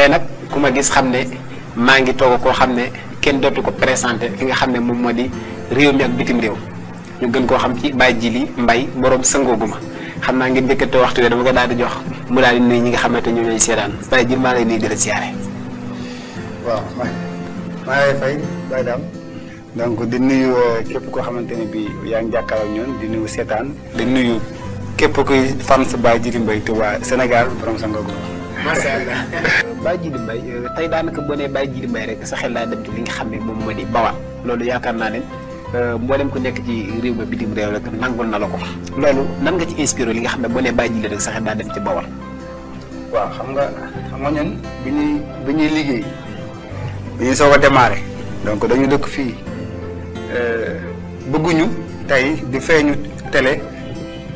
tay nak kuma gis xamne ma ngi togo ko xamne ken dotu ko présenté ki nga xamne mom modi rew mi ak bitim rew ñu gën ko xam ci bay jili mbay borom sangoguma xamna naa ngeen njëkkante waxtu dama ko daal di jox mu daal di nuyu ñi nga xamante ñoo ñooy sétane bay Djily ma lay nuyu dara ziaré waaw maa maa fay bay dam donc di nuyu euh, képp ko xamanteni bi yaa ngi jàkkaarloo ñoon di nuyu seetaan di nuyu képp ko fan sa Baye Djily Mbaye Sénégal borom sangoguma macha allah. Baye Djily Mbaye euh, tey daanaka boo nee Baye Djily Mbaye rek sa xel dem ci li xam ne moom moo di bawal loolu yaakaar naa ne dem euh, ko nekk ci réew ma bitim réew rek nangoon na la ko loolu nanga nga ci inspiré li nga xam ne boo nee Baye Djily rek sa xel daa dem ci bawal. waaw xam nga xam nga ñun bi ñuy bi liggéey bi ñuy soog a démarré donc dañu dëkk fii euh, bëgguñu tey di feeñu tele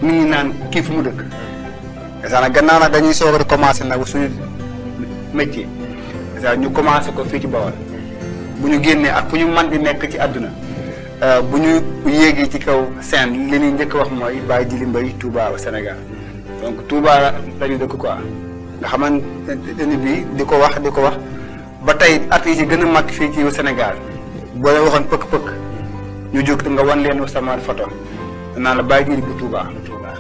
nit ñi naan kii fu mu dëkk. parce que nag gannaaw nag dañuy soog a commencé nag suñu. métier c'est-à-dire ñu commencé ko fii ci Bawol bu ñu génnee ak ku ñu man di nekk ci àdduna euh, bu ñu yéegee ci kaw seen li ñuy njëkk wax mooy Baye Djily Mbaye Touba senegal Sénégal donc Touba la ñu dëkk quoi nga xamante ne bii di ko wax di ko wax ba tey at yi ci gën a mag fii ci senegal boo waxoon pëkk-pëkk ñu jóg nga wan leen sama photo naan la Baye Djily bu Touba. Touba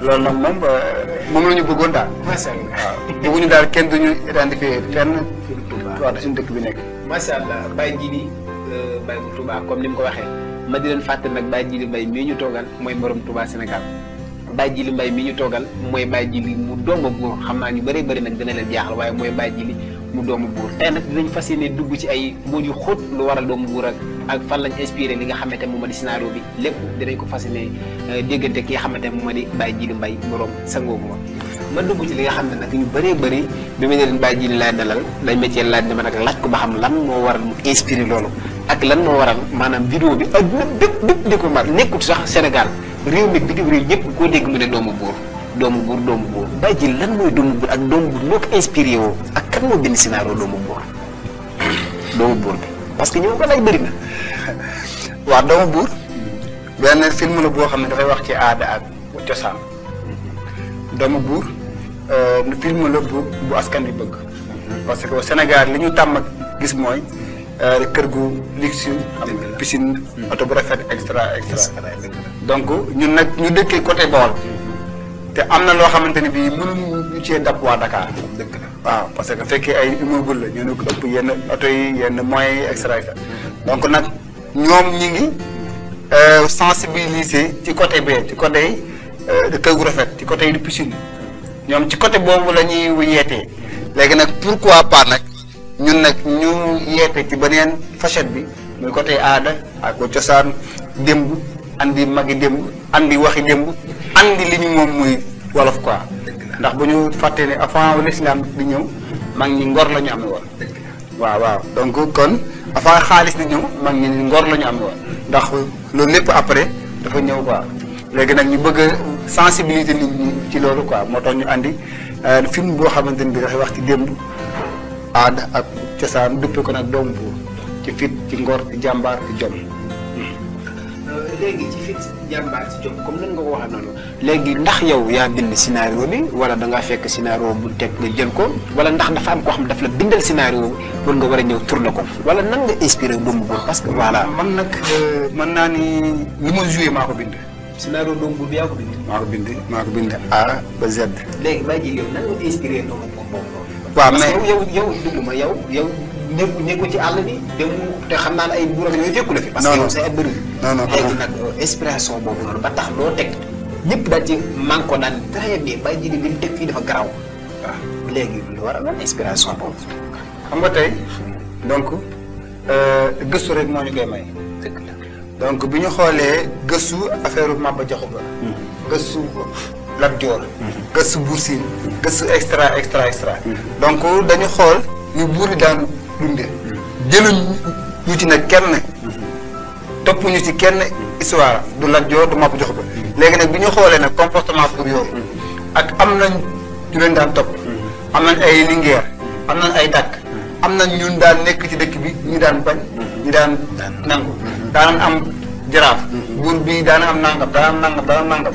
loolu nag moom euh, moom la ñu bëggoon daal. macha allah bëgguñu daal kenn du duñu identifié fenn. waaw suñu dëkk bi nekk. macha allah Baye Djili euh, Baye bu Touba comme ni mu ko waxee ma di leen fàttali nag Baye Djili mbay mii ñu toogal mooy borom Touba Sénégal Baye Djili Mbaye mii ñu toogal mooy Baye Djili mu doom a góor xam naa ñu bëree bëri nag dina leen jaaxal waaye mooy Baye Djili. mu doomu buur tey nag dinañ fas yéene dugg ci ay mbóot yu xóot lu waral doomu buur ak ak fan lañ inspiré li nga xamante moom ma di scénario bi lépp dinañ ko fas yéene euh, déggante ki nga xamante moom ma di Baye Djily mbay borom sangooguma ma dugg ci li nga xam ne nag yu bëree bëri bi ma ne leen Baye Djily laay dalal dañ ma laaj ne ma nag laaj ko ba xam lan moo waral mu inspiré loolu ak lan moo waral maanaam vidéo bi ak bépp bépp di ko mar nekkut sax Sénégal réew mi bitim réew ñëpp koo dégg mu ne doomu buur doomu buur doomu buur bàyyi ji lan mooy doomu buur ak doomu buur moo ko inspiré woo ak kan moo bind scénario doomu buur doomu buur bi parce que ñëw ko lay bëri na. waaw doomu buur benn film la boo xam ne dafay wax ci aada ak cosaan doomu buur eh, film la bu bu askan bi bëgg. parce que au Sénégal li ñu tàmm gis mooy eh, kër gu luxe am piscine oto bu rafet extra extra donc ñun nag ñu dëkkee côté Bawol té amna lo xamanteni bi mënu ñu ci cee dab waa Dakar. dëgg na waaw parce que féké ay immeuble la ñoo ko ëpp yenn auto yi yenn moyens yi donc nak ñom ñi ngi euh sensibiliser ci côté bé ci côté euh de gu rafet ci côté du piscine ñom ci côté bobu la ñuy yeetee léegi nag pourquoi pas nak ñun nak ñu yété ci benen fachette bi muy côté ada ak ko ciosan dembu andi magi dembu andi waxi dembu andi li ñu mom muy wolof quoi ndax buñu faté né ne avant l'islam di ñëw mag ni ngor lañu am amee waaw waaw donc kon avant xaliss di ñëw mag ni ngor lañu am amee ndax lo lepp après dafa ñew quoi légui nak ñu bëgg a sensibiliser nit ñi ci lolu quoi mo tax ñu andi euh film bo xamanteni bi waxi wax ci démb aada ak cosaan duppe ko nak dombu ci fit ci ngor ci jambar ci jom léegi ci fit jàmbaar ci jom comme nan nga ko waxee noonu léegi ndax yow yaa bind scénario bi wala danga ngaa fekk scénario bu teg nga jël ko wala ndax dafa am koo xam daf la bindal scénario pour nga war a ñëw tourné ko wala nan nga inspiré Dombu parce que voilà. man nag euh, man naa ni lu ma joué maa ko bind. scénario Dombu Bur bi yaa ko bind. maa ko bind maa ko bind A ba Z. léegi bàyyi yow nan nga inspiré Dombu boobu. waaw mais yow yow déglu ma yow yow. nekku nekku ci àll bi te xam naa ne ay buur ak yooyu fekku la fi. parce que yow sa bëri. non léegi nag inspiration boobu noonu ba tax loo teg ñëpp daal ci man ko naan très bien bàyyi ji li mu teg fii dafa garaaw. waaw léegi lu war a doon inspiration boobu. xam nga tey donc euh, gëstu rek moo ñu koy may. la donc bi ñu xoolee gëstu affaire Maba Diakhou Ba. Hmm. gëstu Lat Dior. Hmm. gëstu Buur Siin. gëstu extra extra extra. Hmm. donc dañu xool ñu buuri daan. dundee jëluñ ñu ci nag kenn topp ñu ci kenn histoire du Lat Joor du Maba jox Ba léegi nag bi ñu xoolee nag comportement pour yooyu ak am nañ ñu leen daan topp am nañ ay lingeer am ay dàkk am nañ ñun daan nekk ci dëkk bi ñu daan bañ ñu daan nangu daan am jaraaf buur bii daan am nangam daan am nangam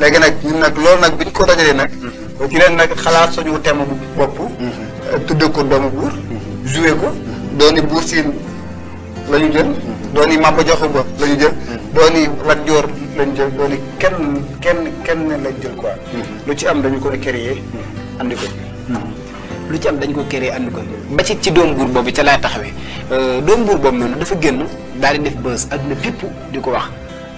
léegi nag ñun nag loolu nag bi ñu ko dajalee nag ci leen nag xalaat suñu thème bu bopp tudde ko doomu buur joué ko dooni buur siin la ñu jël dooni Maba Jaxu Ba la ñu jël dooni Lat Joor la ñu jël dooni kenn kenn kenn lañ jël quoi lu ci am dañu ko créé andi ko lu ci am dañ ko créé andi ko ba ci ci doom buur boobu ca laa taxawee euh, doom buur boobu noonu dafa génn daal di def bës adduna bépp di ko wax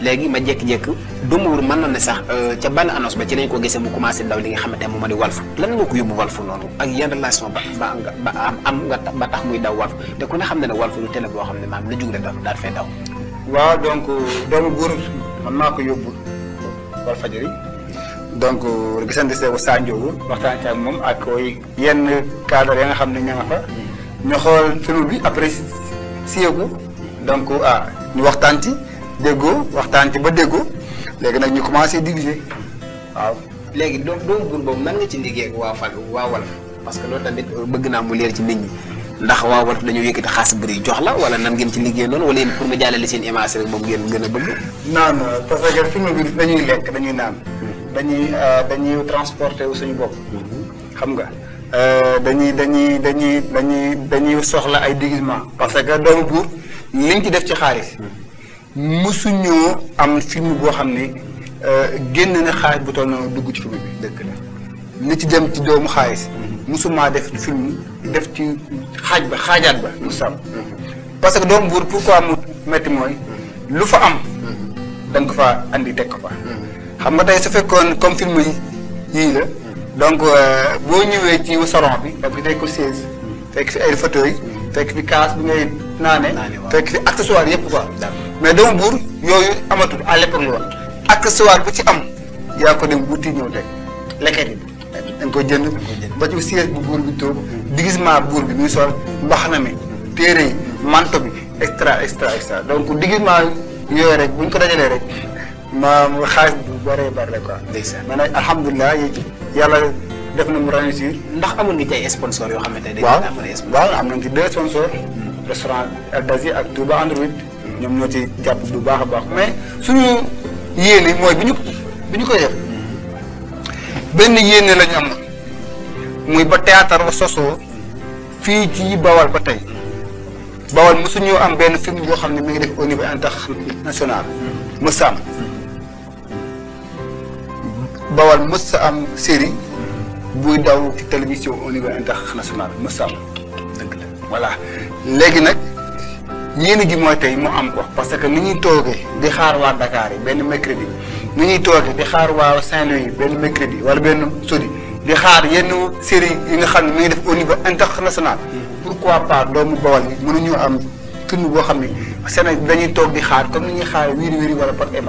léegi ma jékki du Dumbur man na ne sax euh, ca benn annonce ba ci lañ ko gisee mu commencé daw li nga xam ne moom moo di Walf lan moo ko yóbbu Walf noonu ak yan relation muy daw Walf te ku ne xam ne ne Walf lu télé boo xam ne maam lu jug rek daal daal donc doomu góor man maa ko yóbbu Walfadjri donc gisante seegu Sa waxtaan ci ak moom ak yenn cadre ya nga xam ne ña nga fa hmm. ñu bi après siyee ko donc ah ñu waxtaan ci déggoo waxtaan ci ba déggoo léegi nak ñu commencé diviser waaw léegi do do gun bo man nga ci liggéey ak wa fal wa wal parce que lo tamit euh, bëgg na mu leer ci nit ñi ndax wa wal dañu yëkkati xass bëri jox la wala nan ngeen ci ligé non wala yéen pour nga jallal seen image rek mom ngeen gëna bëgg naan parce que fi ñu bi dañuy lekk dañuy naan dañuy euh, dañuy transporter wu suñu bop xam nga euh, dañuy dañuy dañuy dañuy dañuy soxla ay déguisement parce que doomu buur liñ ci def ci xaaliss mësuñoo am film boo xam ne euh, génn ne xaalis bu toll noonu dugg ci film bi dëkk la li ci dem ci doomu xaalis mm-hmm. mësumaa def film def ci xaaj ba xaajaat ba mu sàmm mm-hmm. parce que doom buur pourquoi mu metti mooy mm-hmm. lu fa am da ko fa andi teg ko fa xam nga tey su fekkoon comme film yi yii la donc euh, boo ñëwee ci salon bi da ngay ko chaise fekk fi ay fauteuil fekk fi kaas bi ngay naane fekk fi accessoire yëpp quoi mais dama buur yooyu amatul à l'époque la accessoire bu ci am yaa ko dem wuti ñëw teg leket yi da nga koy jënd ba ci siège bu buur bi toog déguisement buur bi muy sol mbaxana mi téere yi manto bi extra extra extra donc déguisement yooyu rek bu ñu ko dajalee rek ma xaalis bu bëree bëri la quoi. ndeysaan mais nag alhamdulilah yàlla def na mu réussir. ndax amoon nga ci ay sponsors yoo xam ne. dañu am ay sponsors am nañu ci deux sponsors. Hmm. restaurant Al Dazi ak Touba Android. ñom ñoo ci japp bu baax baax mais suñu yéene moy biñu biñu ko def benn yéene lañu am muy ba théâtre wa soso fi ci bawal ba tay bawal suñu am benn film yoo xamni ne mi ngi def au niveau international mu am bawal sa am série bu daw ci télévision au niveau international mu sam deug la voilà légui nak yéen gi mooy tey mu am ko parce que ni ñuy toogee di xaar waa Dakar yi benn mercredi ni ñuy toogee di xaar waa Saint-Louis benn mercredi wala benn sodi di xaar yenn série yi nga xam ne mi ngi def au niveau international pourquoi pas doomu Bawol yi mënuñu am film boo xam ni Sénégal dañuy toog di xaar comme ni ñuy xaar Wiri Wiri wala Pod et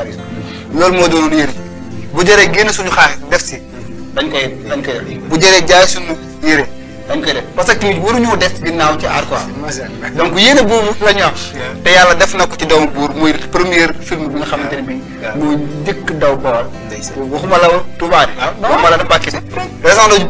loolu moo doonoon yére bu jëree génn suñu xaar def si dañ koy dañ koy bu jëree jaay suñu yére dañ koy euh, parce que tamit waruñoo des ginnaaw ci aar quoi. donc yéene boobu la ñu am. te yàlla def na ko ci doomu buur muy première film bi nga xamante ne bii. njëkk daw bawal. waxuma la Touba de. waaw ah. waxuma la Mbacke si. raison la ju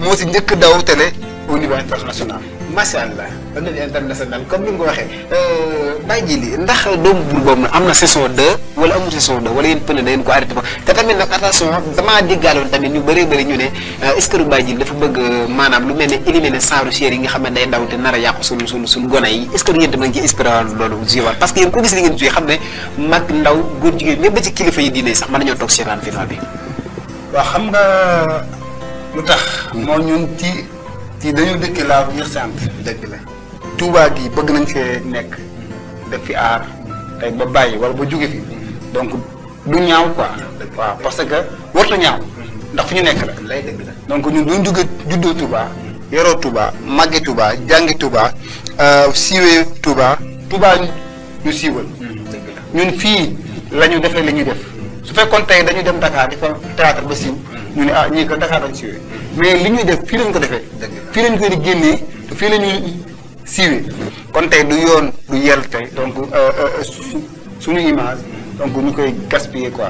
moo si njëkk daw télé au niveau international. macha allah. anda international comme ni nga ko waxee eh, bàyyi ji li ndax doomu buur boobu nag am na saison 2 wala amul saison 2 wala yéen pëne da ngeen ko arrêté ba te tamit nag attention damaa déggaaloon tamit ñu bëree bëri ñu ne est ce que du bàyyi ji dafa bëgg maanaam lu mel ne éliminer saaru chère yi nga xam ne day daw te nar a yàqu suñu suñu suñu yi est ce que du ngeen ci parce que ko gis li ngeen mag ndaw ci kilifa yi sax final bi waaw xam nga lu tax ñun ci ci dañu dëkk la touba gi bëgg nañ ci nekk def fi aar tey ba bàyyi wala ba jóge fi donc du ñaaw quoi waaw parce que na ñaaw ndax fi ñu nekk la donc ñun duñ jóge juddoo touba yaroo touba màgge touba jàngi touba euh, siiwee touba touba ñu siiwal ñun fii la ñu defee li def su fekkoon tey dañu dem Dakar di fa théâtre ba siiw ñu ne ah ñii ko Dakar lañ siiwee mm. mais li def fii lañ ko defee fii lañ koy génnee fii la ñuy siwe kon tay du yoon du yel tay donc eh, eh, eh, suñu image donc ñu koy gaspiller quoi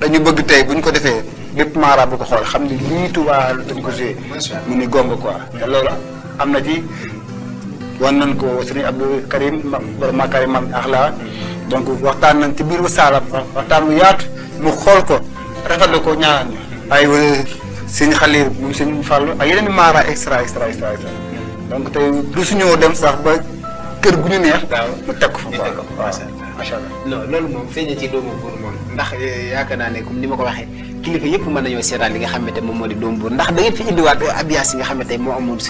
dañu bëgg tay buñ ko défé lepp mara bu ko xol xam ne lii tubaa dañ ko jé mu ni gong quoi te loolu ci wan nañ ko sëri abdou karim ma karim mam akhla donc waxtaan nañ ci biiru bu saalam waxtaan bu yaatu mu xol ko rafetlu ko ñaan ñu ay sëñ xalir mu sëñ fallu ay yeneen mara extra extra extra extra donc te du suñu dem sax ba kër gu ñu neex. waaw ñu teg ko fa waaw macha allah. non loolu moom feeñ ci doomu buur moom ndax eh, yaakaar naa ne comme ni ma ko waxee. kilifa yëpp mën nañoo seetaan li nga xam tey moom moo di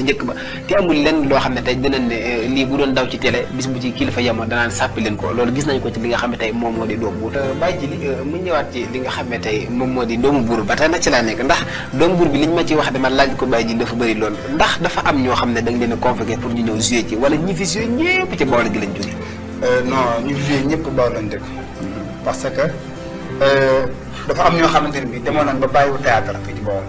njëkk ba te amul lenn loo xam ne tey dinañ ne eh, lii bu doon daw ci télé bis bu ci kilifa yemoon danaan sàppi leen ko loolu gis nañ ko ci li nga xam tey moom moo di doomu buur te bàyyi ci li eh, mu ñëwaat ci li nga moom di doomu buur ba tey na ci laa nekk ndax doomu buur bi liñ ma ci wax dama laaj ko bàyyi ji dafa bëri loolu ndax dafa am ñoo xam ne da nga leen convoqué pour ñu ñëw joué ci wala ñi fi joué ñëpp ci Bawol gi lañ jóge eh, non ñu joué ñëpp Euh, dafa am ñoo xamante ne bii demoon nañ ba bàyyiwu théâtre fii ci boobu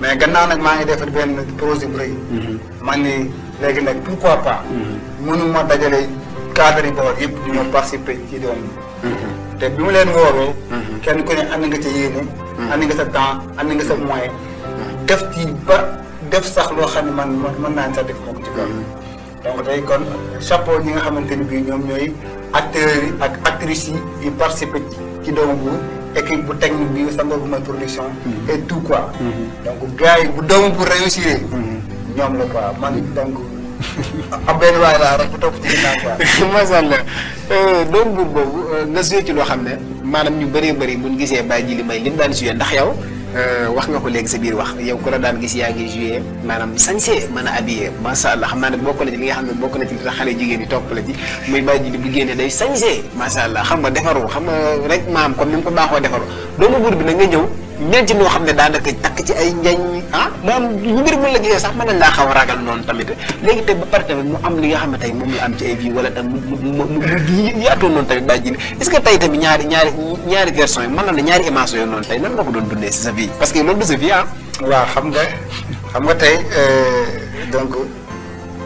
mais gannaaw nag maa ngi defar benn projet bu rëy. Mm-hmm. ma ni léegi nag pourquoi pas. Mm-hmm. mënuma dajale cadre yi boobu yëpp ñoo mm-hmm. participer ci doom te bi mu leen woowee. kenn ku ne ànd nga sa yéene. ànd nga sa temps ànd nga sa moyen. def ci ba def sax loo xam ne man mën naa sax def moom ci kaw. donc tey kon chapeau ñi nga xamante ne bii ñoom ñooy acteurs ak actrices yi yi ci doomu buur équipe bu technique bi sama ma production. Mm-hmm. et tout quoi. Mm-hmm. donc gars yi bu doomu buur réussir. Mm-hmm. ñoom la quoi man donc. am benn waay laa rek bu topp ci ginnaaw quoi. macha allah euh, doomu buur boobu euh, nga suyee ci loo xam ne maanaam ñu bëree bëri buñ gisee bàyyi ji li may lim daan suyee ndax yow. Euh, wax nga ko léegi sa biir wax yow ku la daan gis yaa ngi joué maanaam sañse mën a habillé macha allah xam naa ne bokk na ci li nga xam ne bokk na ci li tax xale jigéen ñi topp la ci muy bàyyi ji di bu génne day sañse macha allah xam nga defaru xam nga rek maam comme ni mu ko baaxoo defaru doomu buur bi na nga ñëw denc noo xam ne daanaka takk ci ay njañ ah maanaam ñu bëri mën la gisee sax man nañ laa xaw a ragal noonu tamit léegi tey ba pare tamit mu am li nga xam ne tey moom la am ci ay vie wala tam tey tamit ñaari ñaari ñaari version yi mën na la ñaari image yooyu noonu tey nan nga ah. xam nga xam nga euh, donc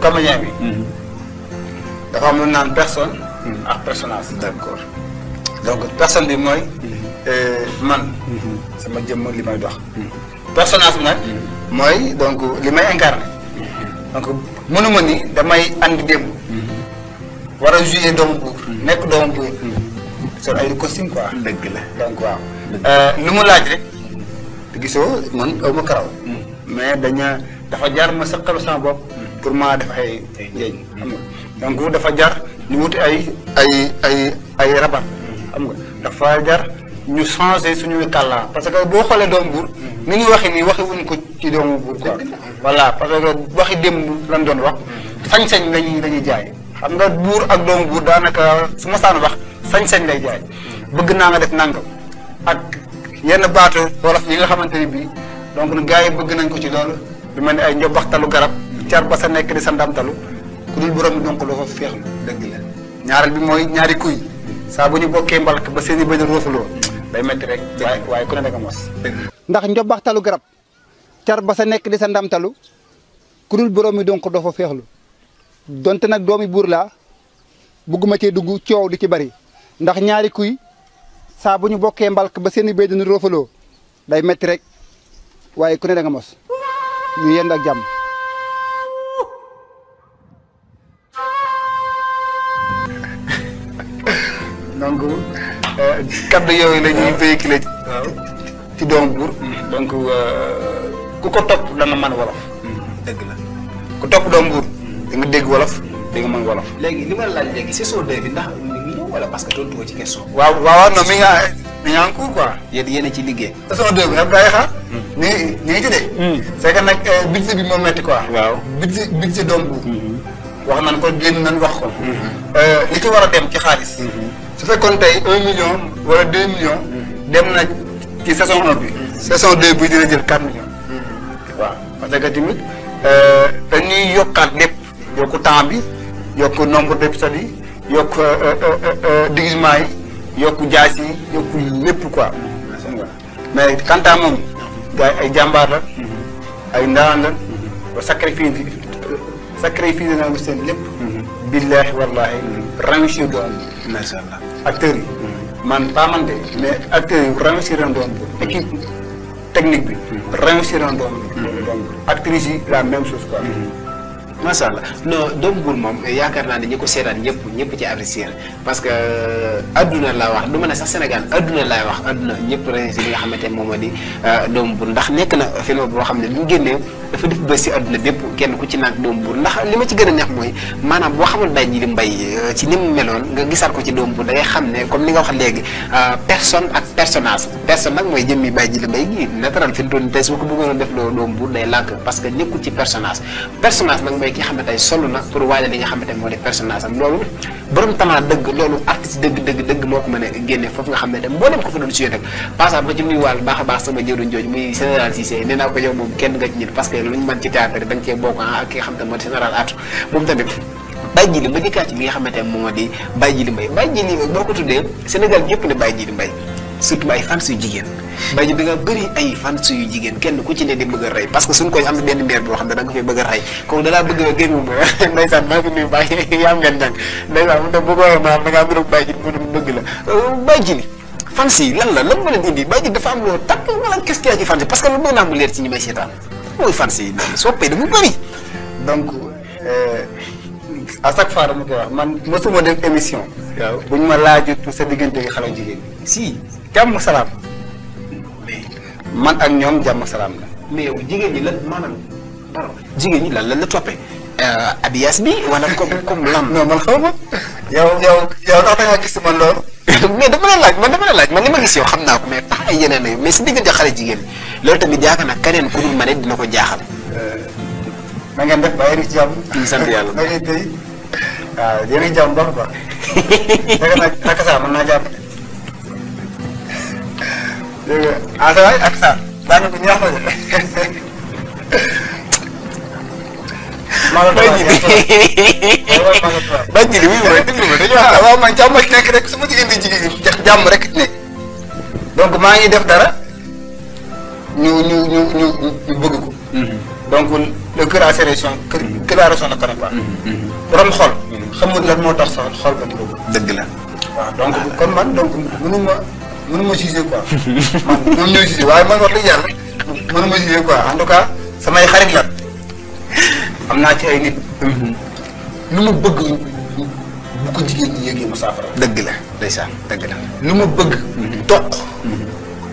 comédien bi mm-hmm. am lu naan personne mm-hmm. ak personnage d'accord donc personne bi mooy mm-hmm. euh, man sama jëm li may dox hmm. personnage bi nag hmm. mooy donc li may incarné hmm. donc mënuma ni damay and dem wara a jouer donc buur nekk doomu buur sol ay costume quoi deug la donc waaw euh, lu mu laaj rek gisso man awma karaw mais daña dafa jaar ma saqal sama bop pour ma def ay njeeñ donc dafa jar ni wuti ay ay ay ay rabat xam nga dafa jar ñu changer suñu talent parce que boo xoolee doom bur ni ñu waxee nii waxi wuñ ko ci doomu buur quoi voilà parce que waxi démb lañ doon wax sañ-sañ lañuy lañuy jaay xam nga buur ak doomu bur danaka su ma saan wax sañ-sañ lay jaay bëgg naa nga def nangam ak yenn baatu wolof yi nga xamante ni bii donc gars yi bëgg nañ ko ci loolu garab ba sa nekk di sa ndamtalu ku dul borom donc loo ko féexlu dëgg la ñaaral bi mooy ñaari kuy saa bu ñu mbalk ba seen i bañ day metti rek waaye waaye ku ne da nga mos ndax njobbaxtalu garab car ba sa nekk di sa ndamtalu ku dul borom mi donc doo fa feexlu donte nag doomi buur laa bugguma cee dugg coow di ci bari ndax ñaari kuy saa bu ñu mbalk ba seeni béy dina roofaloo day metti rek waaye ku ne da nga mos ñu yend ak jàmm donc kaddu yooyu la ñuy véhiculer ci doom buur mm-hmm. donc euh, ku ko topp da nga mën wolof mm-hmm. dëgg la ku topp doom buur da nga dégg wolof da nga mën wolof léegi li ma la laaj léegi saison 2 bi ndax wala parce que tontu ko ci question waaw waaw non mi nga mi nga en cours quoi yéen a ci liggéey saison 2 bi nag daay xaar ni ni ngi de mm-hmm. c'est que nag euh, budget bi moo métti quoi waaw budget budget doom buur wax nan ko génn nan wax ko euh, li ci war a dem ci xaalis su fekkoon tey un million wala deux millions. dem na ci saison un bi. saison deux bi dina jël quatre millions. waaw parce que tamit euh, dañuy yokkaat lépp yokku temps bi yokk nombre d'épisodes yi yokk euh, euh, déguisement yi yokk jaas yi yokk lépp quoi. mais quant à ay jàmbaar la. ay ndaan la. ba sacrifice bi sacrifice seen lépp. Mm-hmm. billaahi wallaahi. réussir doon. macha allah. acteur yi. man pas mais acteurs yi réussir nañ doon équipe technique bi. réussir nañ doon. actrices yi la même chose quoi. Mm-hmm. macha no non doom buur moom eh, yaakaar naa ne ñi ko seetaan ñëpp ñëpp ci apprécier parce que eh, adduna laa wax du na ne sax Sénégal aduna laay wax adduna ñëpp rek li nga xamante ne di ndax na film boo xam ne bu dafa def si aduna bépp kenn ku ci naan doom buur ndax lima ma ci gën a bayi, mooy melon, boo xamul dañ di mbay eh, ci ni mu meloon nga gisaat ko ci doom buur da ngay xam ne comme ni nga wax léegi personne ak personnage personne nag mooy jëmmi bàyyi ji li mbay gi natural fi ko def day parce que ci personnage personnage ki nga xam ne tey sol na pour waajal li nga xam ne tey moo di personnage am loolu loolu artiste dëgg dëgg dëgg moo ko a génne foofu nga xam ne a baax sama jëruñ jooju muy général Cissé moom kenn nga ci ñit parce que ci théâtre nga ah, xam ne moom tamit Baye Djili ma dikkaat boo ko tuddee Sénégal ñëpp ne Baye Djili Mbaye surtout ay fans yu jigéen bay ji bëri ay fans yu jigéen kenn ku ci ne di bëgg a rey parce que suñ koñ am na benn mère boo xam ne da bëgg a rey kooku a génn mu ne bu bëgg la bay ji ni la lan ma indi bay dafa am loo takk wala qu'est-ce qu'il a ci fans yi parce que lu bëgg mu bëri donc euh, a chaque fois dama koy wax man mosuma def émission. waaw bu ñu ma laajut sa diggante gi xale jigéen ñi. si jàmm salaam. man ak ñoom jàmm salaam la. mais yow jigéen ñi la maanaam dara jigéen ñi lan la toppee. Euh, abiyaas bi wala comme comme lan. non man xaw ma. yow yow yow tax nga gis man loolu. mais dama la laaj man dama ma gis yow xam naa ko mais tax ay yeneen mais si diggante xale jigéen loolu tamit yaakaar naa keneen ku dul ma ne dina ko jaaxal. Euh, Mengendap bayar def ba yéen ci sant yàlla na tey waaw yéen a ngi jàmm baax a baax. dëgg nag ak saa mën naa jàpp. dégg ak saa ini, le cœur a ses raisons que la raison ne connaît pas. Mm-hmm, mm-hmm. xol. xamul lan moo tax sax xol ba dugg. dëgg la. waaw donc kon man donc mënu ma mënu ma gisee quoi. waaye man wax dëgg yàlla mënu ma gisee quoi en samay xarit la am naa ci ay nit. Mm-hmm. lu ma bëgg bu ko jigéen ñi yëgee mu saafara. dëgg la ndeysaan dëgg la. lu ma bëgg. toq.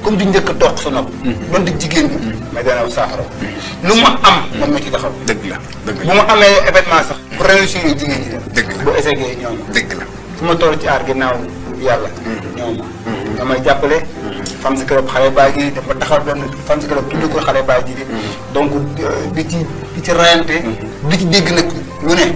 comme du njëkk a sa nopp. doon mm-hmm. di jigéen bi. mais dana saafara. Mm-hmm. lu ma am. Mm-hmm. moom ma ci taxaw. dëgg la dëgg la bu ma amee événement sax. bu réussir yi jigéen ñi def. dëgg la bu essayé ñoom. la su ma toll ci aar ginnaaw yàlla. ñoom ñoo jàppale. fan si club xale baay ji dafa taxaw doon fan si club tudd ko xale baay ji. donc euh, di ci di ci rayante. di ci dégg nag. lu ne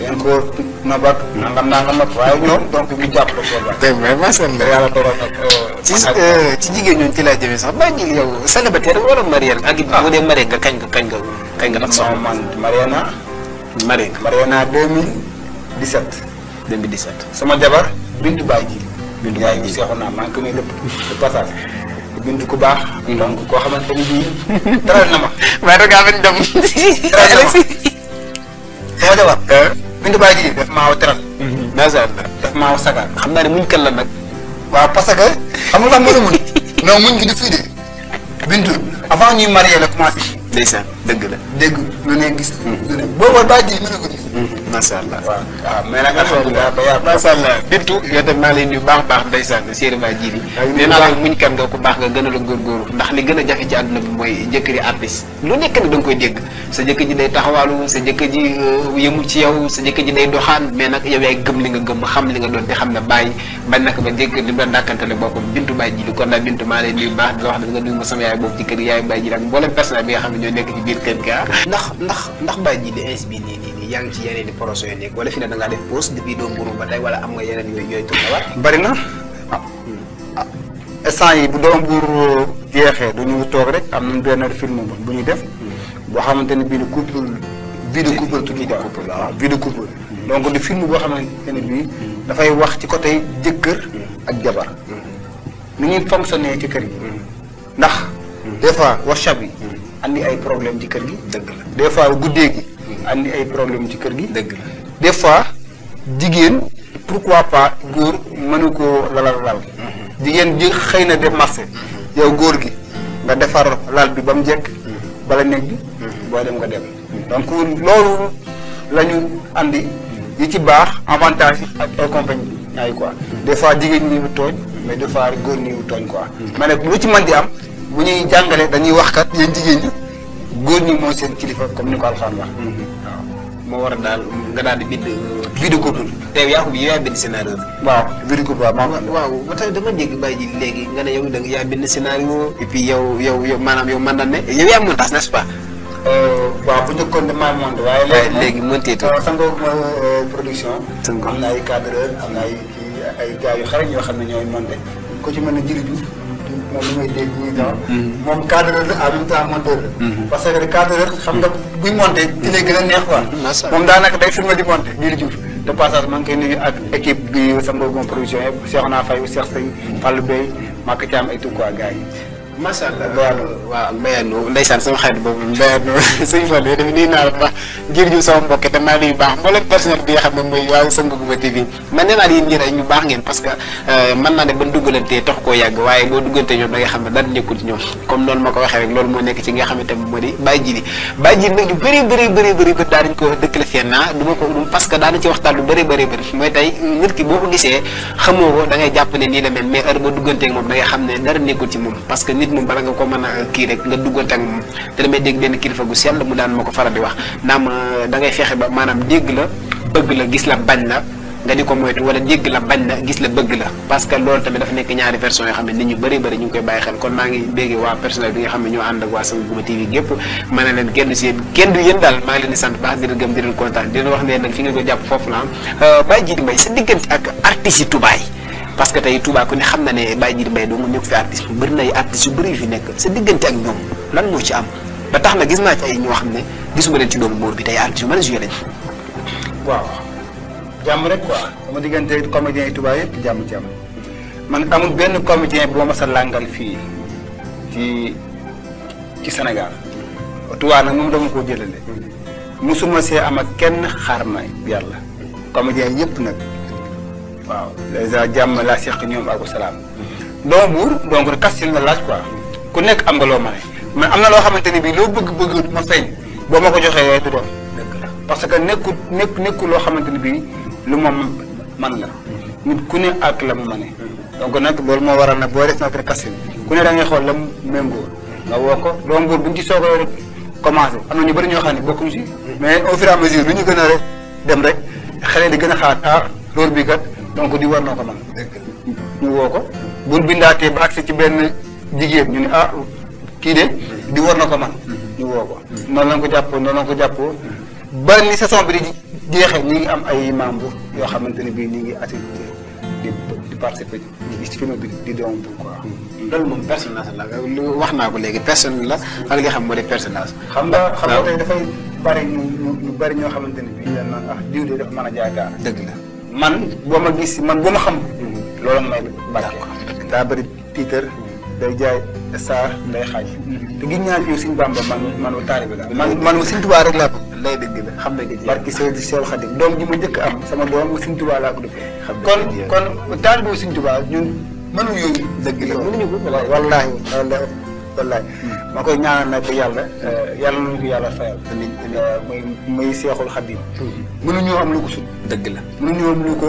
yang ko na bat nangam nangam ak orang ñoom donc ñu jàpp ko dem mais ma sen la gini nanti ak ci ci jigéen ñoon ci laa jëmee sax bàyyi ñu yow célibataire wala marié ak bu dee Mariana, Mariana, Mariana, nga kañ nga kañ nga nag mariana mariana sama jabar bintu baay ji bintu ya, baay ji seexuna maa ngi koy lépp de passage bintu ku baax donc koo xamante sama jabar. Eh? bintu baay ji daf maa wa teral. macha allah daf maa wa sagal. xam naa ne muñ kan la nag. waaw parce que xam nga tax ma la muñ. non muñ gi du fii de. bintu avant ñuy marié la commencé. ndeysaan dëgg la dégg lu ne gis. Hmm. lu ne booba mën na ko gis. Hmm, allah waaw mais nag alhamdulilah allah bintu yow tam maa leen yu baax baax ndeysaan séeri baa ji nee naa la muñ kan nga ku baax nga gën a la góorgóorlu ndax li gën a jafe ci àdduna bi mooy jëkkëri artiste lu nekk nag da nga koy dégg sa jëkkër ji day taxawaalu sa jëkkër ji euh, yëmu ci yow sa jëkkër ji day doxaan mais nag yow yaay gëm li nga gëm xam li nga doon te xam ne bàyyi bañ naka ba li boppam bintu baa ji kon bintu maa leen yu baax di wax da nga nuyu ma sama yaay boobu ci kër yaay baa ji ak mboolem personnel bi nga xam ne ñoo nekk ci biir kër ga ndax ndax ndax bày ji di ins bi nii nii nii yaa ngi ci yeneen di projet yoo nekk wala fi ne da ngaa def pause depuis doo mburu ba tey wala am nga yeneen yooyu yooyu tournawaat bari na ah. Ah. instant yi bu doom buur jeexee du ñu toog rek am nañ benn film bu ñuy def hmm. boo xamante ne bii di couple bii di couple tudd couple waaw ah. bii di couple hmm. boo xamante ne bii hmm. dafay wax ci côté jëkkër ak jabar ni ñuy fonctionner ci kër yi ndax des fois workshop yi andi ay problème ci kër gi. dëgg la des fois guddee gi. Mm-hmm. andi ay problème ci kër gi. dëgg la des fois jigéen pourquoi pas góor mënu koo lalal lal. Mm-hmm. jigéen ji xëy na def marché. Mm-hmm. yow góor gi nga defar lal bi ba mu jekk. bala nekk bi. boo dem nga dem. donc loolu lañu ñu andi. yi ci baax avantage ak ay compagnie ay quoi. des fois jigéen ñi ñu tooñ. mais des fois góor ñi ñu tooñ quoi. ma lu ci man di am. bu ñuy jàngale dañuy wax kat yéen jigéen ñi góor ñi mooy seen kilifa comme ni ko alxaan wax mm-hmm. waaw moo war daal nga daal di bind euh, vidéo ko dul tew yaa ko bi yaa bind scénario waaw vidéo ko ba ma waaw ba tay dama dégg baye ji légui nga ne yow da nga yaa bind scénario et puis yow yow yow manam yow man ne yow yaa montage n'est-ce pas euh waaw bu ñu ko ma monde waye légui légui monté to sango euh, production sango am na ay cadreur am na ay ay gaay yu xarañ yo xamne ñoy monté ko ci mëna jëriñu Mm-hmm. moom li ngay dégg muy gaaw. moom cadreur la en même temps monteur parce que cadreur xam nga buy monté ci lay gën a neex quoi. Mm-hmm. moom daanaka day filmé di monté ñu di jur. de passage maa ngi ak équipe bi sama production yëpp Cheikh Naa Faye Cheikh Seye Fallou Bey Maka Thiam ay tout quoi gars yi. macha allah waaw mbayanu ndeysaan sama xarit boobu mbayanu sëñ fa dee nii naa la baax ngir ñu sama mbokk te maa nuyu baax mboolem TV man nee naa yéen ñi ñu baax ngeen parce que euh, mën naa ne ban dugalantee tax koo yàgg waaye boo duggante ñoom da nga xam ne dara nekkul ci ñoom comme noonu ma ko waxee rek loolu moo nekk ci nga xam ne tamit moo di bàyyi ji bàyyi ji nag ñu bëri bëri bëri bëri bë daa dañ ko dëkkale fii naa ko mais nit moom bala nga ko mën a kii rek nga duggante ak moom te damay dégg benn kilifa gu sell mu daan ma ko faral di wax naam euh, da ngay fexe la bëgg la la bañ la nga di ko la bañ la la bëgg la parce que loolu tamit dafa nekk ñaari version yoo bi nga xam ne ñoo ànd ak waa sama Guma TV gépp ma ne leen fi nga jàpp foofu la euh, Baye Djily Mbaye sa diggante ak artistes yi parce que tay Touba ku ne xam na ne Baye Djily Mbaye do mu ñuk fi artiste bu bari na ay artistes yu fi nek sa digënté ak ñom lan mo ci am ba tax na gis na ci ay ñu xamne ne gisuma len ci doom Mbour bi tay artiste yu mën jëlé waaw jam rek quoi sama digënté comédien Touba yëpp jàmm jàmm man amul benn comédien bu ma sa langal fi ci ci Sénégal Touba nag moom dama koo jëlale musuma sé am ak kenn xarmay bi yalla comédien yépp nak waaw dèjà jàmm laa seq ñoom ak salaam doo donc rek kastil la quoi ku am nga mais bëgg-bëgg ma feeñ boo ma ko joxee yooyu du doon parce que nekku nekk nekku loo xamante ni bii lu ma man la nit ku ne ak la mu mane donc nag loolu moo waral nag boo def nag rek kastil ku ne da ngay xool la mu méngoo nga woo ko doo nguur buñ ci soogoo rek commencé am ñu mais au fur et à mesure ñu rek dem rek di xaar ah bi kat donc di war na ko man ñu woo ko buñ bindaatee ba agsi ci benn jigéen ñu ne ah kii de di war na ko man ñu woo ko noonu lañ ko jàppoo noonu lañ ko jàppoo ba ni saison bi di jeexee ñu ngi am ay maam yoo xamante ne bii ñu ngi activité di di participer di ci film bi di doon lu wax naa ko léegi personne la ak li xam moo di personnage. xam nga xam nga ko dafay bari ñu ñu bari ñoo xamante ne bii dañ naan ah diw de dafa mën a jaay dëgg la. man boo ma gis man boo ma xam. Mm-hmm. loolu may barke. daa bëri tiitër. day jaay saar day xaaj. Mm-hmm. te gi ñaari yow suñu bàmba man man wu taalibe la. man man wu suñu tubaa rek laa ko. lay dëgg la xam nañ ko. barke Seydou Seydou Khadim doom ji ma njëkk am sama doom wu suñu tubaa laa ko defee. xam kon kon taalibe wu suñu tubaa ñun mënuñu yooyu. dëgg la mënuñu ko wallaahi. wallaay ma koy ñaanal nag yàlla eh, yàlla nañu ko yàlla fayal eh, muy muy seexul xadim mënuñu am lu ko sut dëgg la mënuñu am lu ko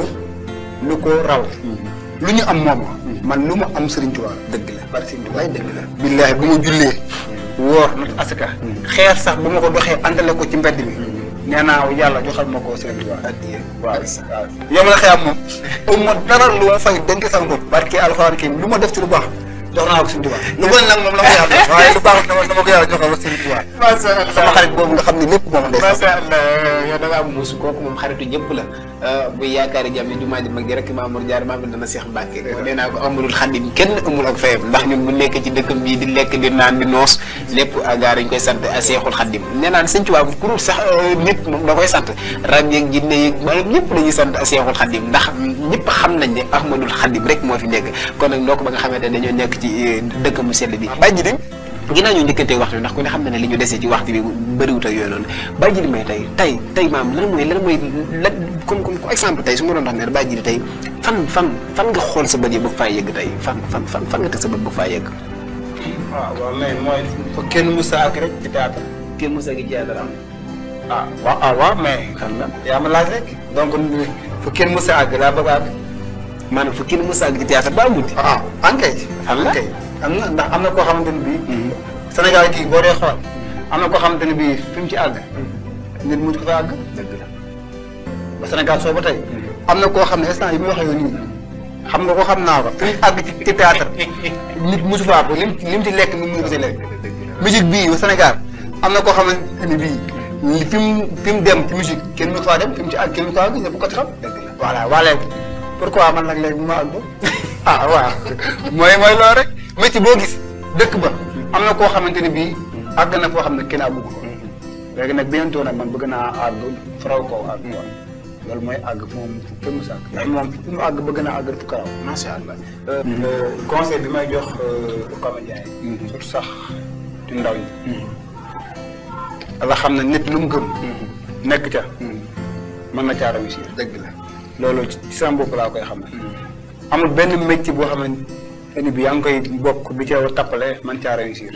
lu ko raw mm-hmm. lu ñu am moom mm-hmm. man lu ma am Serigne Touba dëgg la par Serigne Touba dëgg la billaahi bu ma jullee mm-hmm. woor nat asaka xeer sax bu ma ko doxee àndale ko ci mbedd mi nee naa yàlla xam ma ko Serigne Touba addiye waaw yow la xëy am moom amu ma dara lu ma fay denc sama bopp barke alxuraan kii lu ma def ci lu jox naa ko suñu la ko yàlla jox waaye lu baax dama xam lépp moom la macha allah yow da nga xaritu ñëpp la euh, bu yaakaari jàmm yi jumaa ji mag ji rek Mamour Diarra Mamour dana Cheikh Mbacke kenn amul ak ndax ñun bu nekk ci dëkkam bii di lekk di naan di noos lépp agaar ñu sant a Seexul Xadim nee naan sëñ Tuubaa kurul sax euh, nit moom da koy sant rab yeeg jinne yeeg maanaam ñëpp la ñuy sant a Seexul Xadim ndax ñëpp xam nañ ne Ahmadul Xadim rek moo fi nekk kon nag ndoo ko ba nga xamante dañoo nekk ci eh, dëkk mu sell bi bàyyi ji ginnaaw ñu njëkkantee waxtu ndax ku ne xam na ne li ñu desee ci waxtu bi bëriwut ak yooyu noonu bàyyi ji di may tey tey maam lan ma doon wax ne sa bët yi bëgg faa yëgg tey fan fan fan fan nga teg sa bët bëgg faa yëgg waaw loolu lay mooy kenn musa ak ah, ah, rek donc fu kenn musa ak laa bëgg maanaam fu kenn mës a àgg ci théâtre ba amul. waaw ah, ankay. ankay am na am na koo xamante ne bii. Mhm. Sénégal kii boo dee xool. na koo xamante ne bii fi ci àgg. Mhm. nit mu ko fa àgg. dëgg la ba Sénégal soo ba tey. Mhm. am na koo xam ne instant yi mu wax ak xam nga koo xam naa ko fi mu àgg ci ci nit musu fa àgg lim ci lekk mi mu ko ci lekk. bii ba Sénégal am na koo xam ne bii. li fi mu fi mu dem ci musique kenn mu faa dem fi ci àgg kenn mu ko àgg ñëpp ko ci xam. dëgg waa léegi pourquoi man nag léegi ma àgg ah waaw mooy mooy loolu rek métti boo gis dëkk ba am na koo xamante ne na foo xam ne kenn ko léegi nag bientôt nag man bëgg naa àgg faraw koo àgg waaw loolu mooy àgg moom fu mu sàkk ndax moom mu àgg bëgg naa àgg fu allah euh, euh, euh, conseil bi may jox mm-hmm. sax tu ndaw mm-hmm. nit lu mu gëm mm-hmm. ca na la Lolo, ci sama bop la koy xam amul benn metti bo xamante ni bi yang koy koy bi ci ca tapale man ci réussir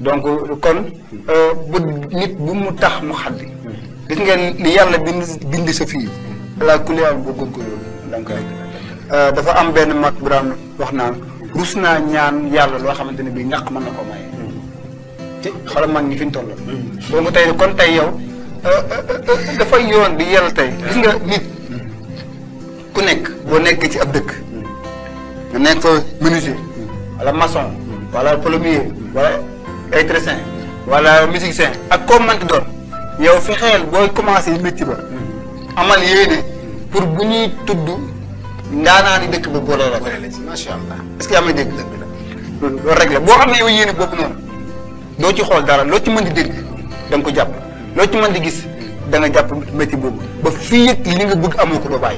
donc kon euh, bu nit bu mu tax mu xaddi gis ngeen ni yalla bind bind sa fi la couleur bu ko da donc euh dafa am benn mak bu daan wax naan rus ñaan yalla lo xamanteni bi ñak man nako may te mag ni fiñ tollu mm. donc tay kon tay yow euh, euh, dafa yoon bi yalla tay gis nga nit ku nek boo nek ci ab dëkk nga nekk fa menuisier wala maçon wala plombier wala électricien wala musicien ak koo mënti doon yow métier ba amal yéene pour bu ñuy tudd ndaanaani dëkk ba boole la macha allah est-ce que yaa may dégg loolu rek la boo xam ne yow yéene boobu noonu doo ci xool dara loo ci mën di dégg da nga ko jàpp loo ci mën di gis da nga jàpp métier boobu ba fii yëg li nga bëgg amoo ba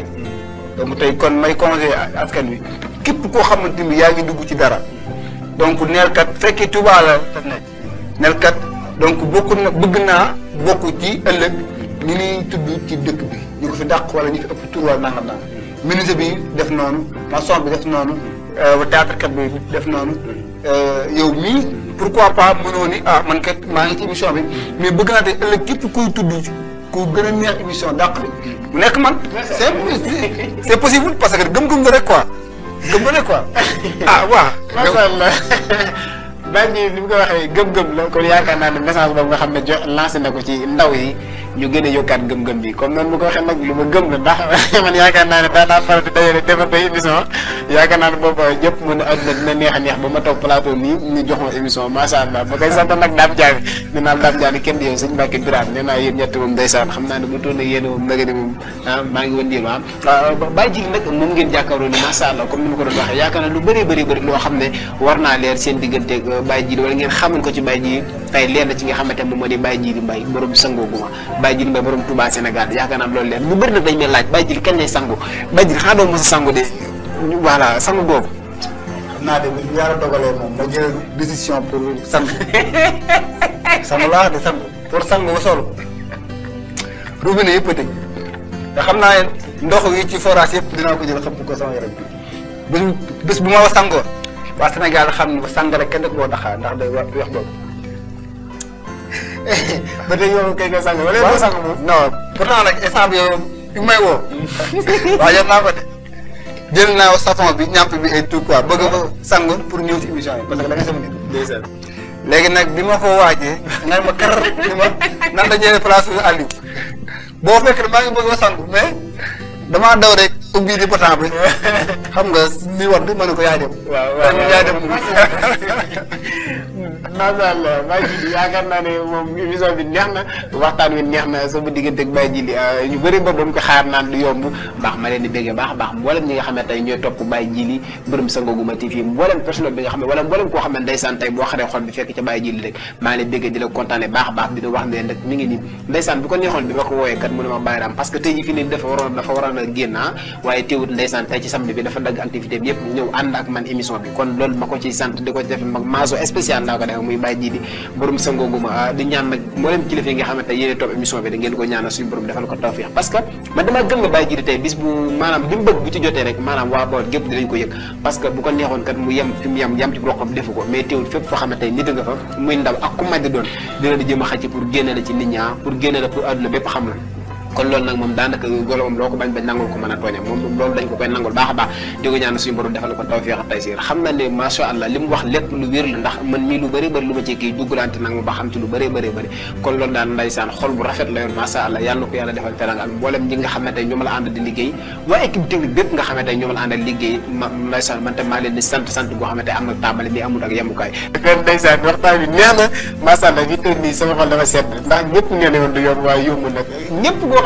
donc ikon, kon may conseil askan wi képp koo xamante ni yaa ngi dugg ci dara donc nelkat fekki Touba la te nekk nelkat donc bokk na bëgg naa bokk ci ëllëg ñi ñuy tudd ci dëkk bi ñu ko fi dàq wala ñu fi ëpp tur wala nangam nangam ministre bi def noonu maçon bi def noonu euh, théâtre kat bi def euh, yow pourquoi pas ni ah man kat maa ngi ci émission bi mais bëgg kuy ku gën neex émission mu nekk man. c'est c'est possible parce que gëm-gëm la rek quoi gëm la rek quoi ah waaw. macha allah bàyyi ni mu ko waxee gëm-gëm la kon yaakaar naa ne message boobu nga xam ne jo lancé na ko ci ndaw yi. ñu gën a yokkaat gëm-gëm bi comme noonu mu ko waxee nag lu ma gëm la ndax man yaakaar naa ne daa farati dajale defar émission yaakaar naa ne boobu a a neex nee naa daam jaabi kenn di yow sëñ Mbacke Birame nee naa naa ne bu tourné yéen moom nag ne moom ah maa ngi wëndeel waam bàyyi na ci nga xamante moom sangoo guma Baye Jili Mbaye borom Touba Sénégal yaakaar naa lool leer ñu bëri nag dañ may laaj Baye Jili kañ lay sangu Baye Jili xanaa doo mos a sangu de voilà sangu boobu. xam naa de bu yàlla laa de sangu pour naa ne ndox yi ci forage yëpp dinaa ko jël xam ko sama yaram bi bés sangoo waa Sénégal xam ne ba sang kenn du boo ndax day wax boobu. ba tey yow kay nga sànq wala yow sànq moom. non pourtant nag instant bi yow fi may woo. waaw jot naa ko de. jël naa savon bi ñàmp bi ay tout bëgg ko sangu pour ñëw ci émission yi parce que da nga sama nit. ndeysaan léegi nag bi ma ko waajee. a ma boo fekk maa ngi bëgg a sangu mais damaa daw rek ubbi di potent bi xam nga li war di mën ko yaay dem. waaw waaw yaay dem. macha allah Baye Djily yaakaar naa ne moom émission bi neex na waxtaan wi neex na sama diggante ak Baye Djily ah, ñu bëri ba doon ko xaar naan du yomb baax ma leen béggee baax baax mboolem ñi tey boo xaree xol bi fekk ca Baye Djily rek maa ngi béggee di la baax baax di la wax ne rek mi ngi nii ndeysaan bu ko neexoon bi ma ko wooyee mu ne ma Baye Ram parce que tey ji ne dafa waroon a génn ah, waaye teewut ndeysaan tey ci samedi bi dafa dagg Ndiaye muy Baye Djidi borom sangooguma ah, di ñaan nag mboolem kilifa yi nga xamante ne yéen a topp émission bi da ngeen ko ñaanal suñu borom defal ko tawfeex parce que man damaa gëm nga Baye Djidi tey bis bu maanaam li bëgg bu ci jotee rek maanaam waa Bawol gépp dinañ ko yëg parce que bu ko neexoon kat mu yem fi mu yem yem ci roqam defu ko mais teewul fépp foo xamante nit nga fa muy ndaw ak ku màndi doon dina di jëm a xaj ci pour génne la ah, pour kon lool nak mom danaka golo mom loko bañ bañ nangul ko mëna toñe mom lool dañ ko koy nangul baax di ko ñaan suñu borom defal ko tawfiq taysir xam na ne ma sha Allah lim wax lepp lu wër la ndax man mi lu bari bari luma ci ki dugulante nak mu ba xam ci lu bari bari bari kon lool daan ndaysan xol bu rafet la yor ma sha Allah ko defal ñi nga la di liggéey équipe technique nga liggéey man tam leen di sant sant go xamne am na tabale bi amul ak yamukaay kon ndaysan waxtaan bi neena ma sha Allah fi teul ni sama xol dafa sedd ndax ngeen yoon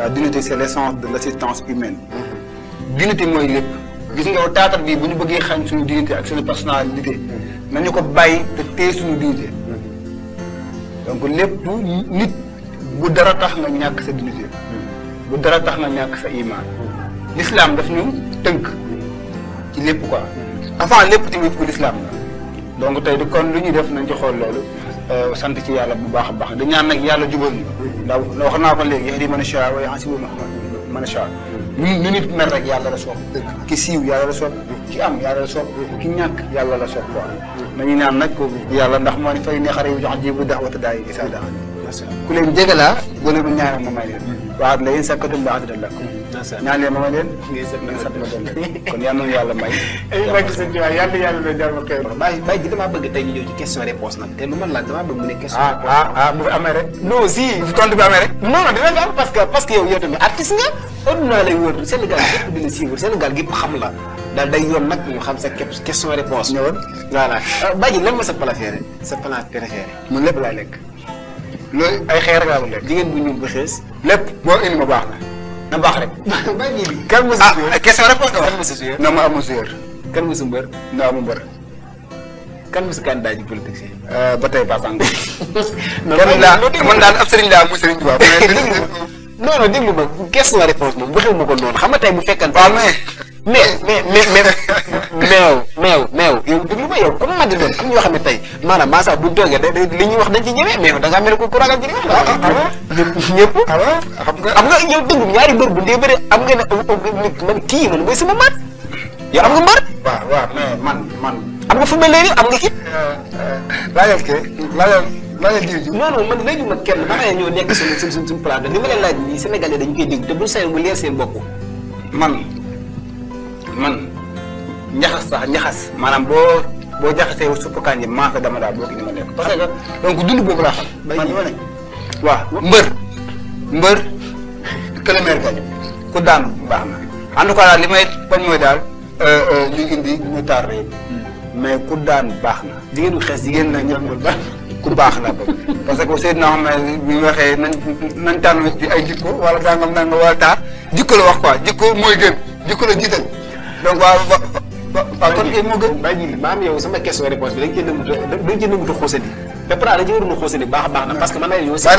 waaw euh, dignité c'est l'essence de l'assistance humaine. dignité mooy lépp. gis nga théâtre bi bu ñu bëggee xañ suñu dignité ak suñu personnalité. nañu ko bàyyi te téye suñu dignité. donc lépp nit bu dara tax nga ñàkk sa dignité. bu dara tax nga ñàkk sa iman. l'islam daf ñu tënk. ci lépp quoi. avant lépp tamit ku l'islam la. donc tey kon lu ñuy def nañ ci xool loolu. Euh, sant ci yàlla bu baax a baax di ñaan nag yàlla jubal ñu ndax wax naa ko léegi yahdi man yashaa wa yu'adhibu man yashaa ñun ñu nit mel rek yàlla la soob ki siiw yaa la soob ki am yàlla la soob ki ñàkk yàlla la soob quoi nañu naan nag yàlla ndax moo ne fay ne xare yu jox jibu dax wata daay ku leen jege laa bu leen ñaanal ma may leen waaw la ñaan leen ma ma leen. ngir sant ma leen kon yal nañu yàlla may. yàlla yàlla na jàmm kay. bàyyi bàyyi ji damaa bëgg tey ñu ñëw ci question réponse nag te lu ma laaj damaa bëgg mu ne question. ah ah, ah bu fi amee rek. non si bu tontu bi amee rek. non non dina am parce que parce que yow yow tamit artiste nga. ordinaire lay wër Sénégal gépp dina siiwul Sénégal gépp xam la daal day yoon nag ñu xam sa question réponse. ñëwoon voilà euh, bàyyi lan ma sa plat préféré sa plat préféré. man lépp laay lekk. loolu ay xeer laa lekk. jigéen bu ñuul bu xees. lépp boo indi ma baax na. na baax rek. bay bii kan mos a joueur ah question réponse nga wax. kan mos a joueur non ma amul joueur. kan a mbër. a candidat ji euh, laa man daal ab sëriñ laa muy sëriñ Tuubaa. non non déglu ma question réponse moom waxewu ma ko noonu xam nga tey bu fekkan. waaw mais. mais mais mais meew meew meew yow déglu ma yow comme ma doon am yoo xam ne tey maanaam maa sax bu doogee da li ñuy wax dañ ci ñëwee mais da ngaa mel ko ku ragal jëriñ la ah, ah, ah. xam nga am nga yow ñaari mbër bu dee bëri am nga ne oh, oh, man kii man sama maat am nga mbër waaw man man am nga fu mel léegi am nga kii laajal ke laajal laajal jiw non non man kenn ma xëy ñoo nekk suñu suñ suñ suñu plan ma leen laaj nii sénégalais dañu koy dégg te bu sañ mu leer seen bopp man man ñaxas sax ñaxas maanaam boo boo jaxasee wu suppu kànja dama daal boo ko ni ma lekk parce que donc dund boobu laa xam. bay waaw mbër. mbër kilomètre gañ ku daan baax na en tout cas daal li may bañ mooy daal. Euh, euh, li indi ñu tardé mais ku daan baax na. jigéen bu xees jigéen na ñàkkul baax ku baax na ko parce que Seydina Mohamed bi ñu waxee nañ nañ tànn ay jikko wala dangam danga wala taar jikko la wax ko jikko mooy gën jikko la jiital. donc waaw waaw kon kay moo gën bàyyi maam yow sama question réponse bi dañ ci nëmb dañ ci nëmb du xuusani te pra dañ ci waroon xuusani baax baax na parce que man lay yow sa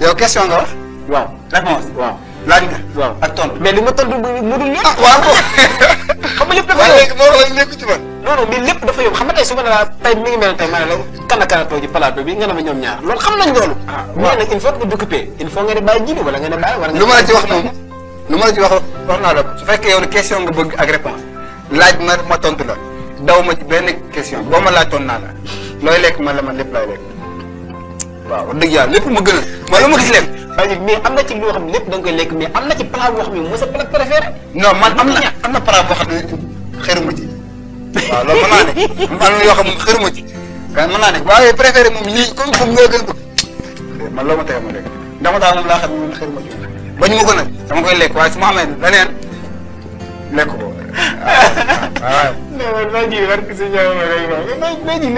yow question nga wax waaw réponse waaw laaj nga waaw ak tontu mais li ma tontu mu dul lépp ah waaw xam nga lépp dafa yow moo wax la nekk ci man non non mais lépp dafa yow xam nga tey su ma ne laa tey mi ngi mel tey ma ne la kan ak kan toog ci plateau bi nga ne ma ñoom ñaar loolu xam nañ loolu mais nag il faut que nga découpé il faut nga ne bàyyi jibi wala nga ne bàyyi wala nga lu ma la ci wax moom lu ma la ci wax wax naa la su fekkee yow question nga bëgg ak réponse laaj ma ma tontu la daw ma ci benn question boo ma laaj tontu naa la looy lekk man la man lépp laay lekk waaw wax dëgg yàlla lépp ma gën a man lu ma gis lekk. waaye mais am na ci loo xam ne lépp da nga koy lekk mais am na ci plat boo xam ne mooy sa plat préféré. non man am na am na plat boo xam ne xëruma ci waaw loolu mën naa ne am na yoo xam ne xëruma ci waaye mën naa ne waaye préféré moom lii comme comme loo gën a bëgg man loo ma tey ma lekk dama daa moom laa xam ne moom xëruma ci bañ ma ko nag dama koy lekk waaye su ma amee leneen lekk ko. waaw waaw waaw. ji war si ñoom mooy ji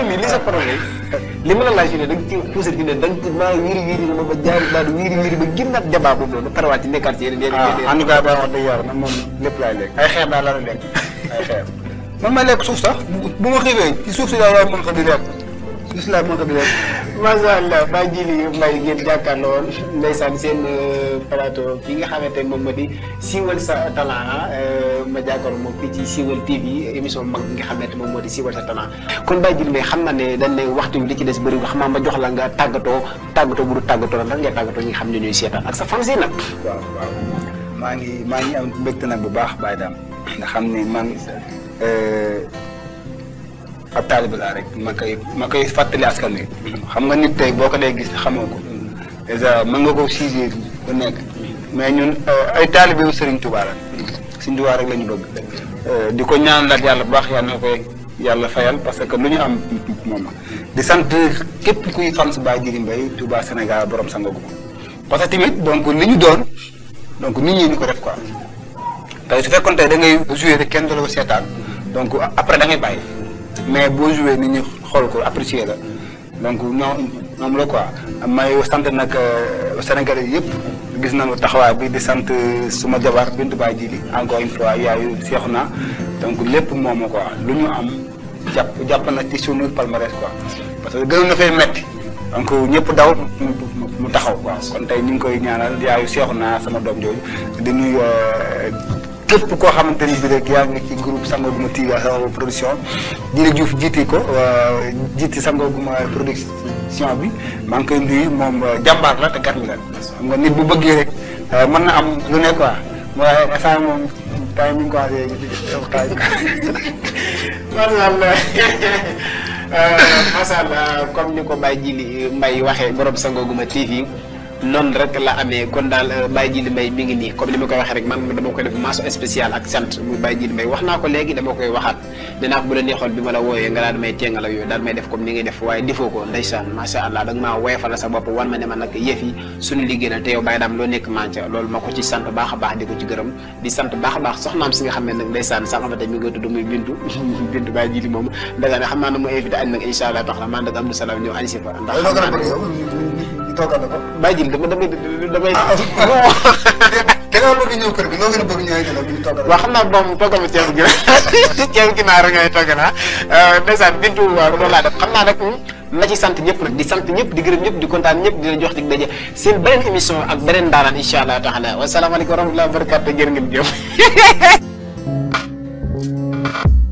léegi li ma li ma la laaj ne da nga da nga ci maa wiiri wiiri ma ba jaar daal wiiri ci nekkaat ci dëgg yàlla ah, moom lépp laay ay xeer daal la lekk ay ma lekk suuf sax bu ma xiifee ci suuf si daal laa mën xam di lekk. islam moo ko eh, di macha allah Baye Djily Mbaye ngeen jàkkaarloo ndeysaan seen plateau fi nga xamante moom ma di siiwal sa talent ma jàkkaarloo ci TV émission mag nga xamante moom moo di sa talent. kon Baye Djily Mbaye xam ne dañ ne waxtu li ci des bëriwul xam naa ma jox la nga tàggatoo tàggatoo bu du tàggatoo nga tàggatoo ñi xam ne ñooy seetaan ak sa fan ngi ngi am bu baax nga ab taalibe laa rek ma koy ma koy fàttali askan wi. xam nga nit tey boo ko dee gis xamoo ko. dèjà mën nga ko siisee lu nekk. mais ñun euh, ay taalibe yu Serigne Touba la. rek la ñu euh, di ko ñaanalaat yàlla bu baax yàlla na yàlla fayal parce que lu ñu am moom di sant képp kuy fan si Baye Djily Mbaye Touba Sénégal borom sangagu parce que tamit donc li ñu doon donc nit ñi ñu ko def quoi tey su fekkoon tey da ngay joué rek kenn du la ko seetaan donc après da ngay bàyyi. mais boo joué ni ñu xool ko apprécier la donc ñoom ñoom la quoi may sant nag euh, Sénégalais yëpp gis nañu taxawaay bi di sant euh, suma jabar Bintu Baay Jili encore une fois yaayu seexu naa donc lépp moom quoi lu ñu am jàpp jàpp na ci sunu palmarès quoi parce que gënu na fay metti donc ñëpp daw mu taxaw quoi kon tey ñu ngi koy ñaanal yaayu seexu naa sama doom jooju di nuyu euh, képp koo xamante ni bi rek yaa ngi ci groupe Sango Gouma TV Sango production di la Diouf jiti ko jiti Sango Gouma production bi maa ngi koy nuyu moom euh, jàmbaar la te gàtt la xam nga nit bu bëggee rek euh, mën na am lu ne quoi waaye instant moom temps yi mi ngi ko waxee waxtaan bi. Euh, macha allah comme ni ko Baye Jili Mbaye waxee borom Sango Gouma TV non rek la amé kon dal euh, baye jindi may mi ngi ni comme lima koy wax rek man dama koy def masse spécial ak sante bu baye jindi may waxna ko légui dama koy waxat dina ko bu len xol bima la woyé nga dal may téngal ak yoy dal may def comme ni ngi def waye defo ko ndaysan ma sha Allah dag ma wéfa la sa bop wan ma ne man nak yef suñu liggéey na té yow bay dam lo nek man ci lool mako ci sante baxa bax diko ci gëreum di sante baxa bax soxnam si nga xamné nak ndaysan sa xamata mi nga tuddu muy bindu bindu baye jindi mom daga xamna mo invité an nak inshallah tax la man dag am salam ñew ansifa ndax toogal na ko. bàyyi dama damay damay. da ngaa bëgg ñëw kër gi noo gën a bëgg ñëw ay gannaaw bi ñu toogal. waaw xam naa moom toogal ma ceeb gi ceeb ginaar ngay toogal ah ndeysaan bintu loolu laa def xam naa nag ci sant ñëpp nag di sant ñëpp di gërëm ñëpp di kontaan ñëpp di la jox dig daje seen beneen émission ak beneen daanaan incha allah taala wasalaamaaleykum wa rahmatulah wa barakatu jërë ngeen jëf.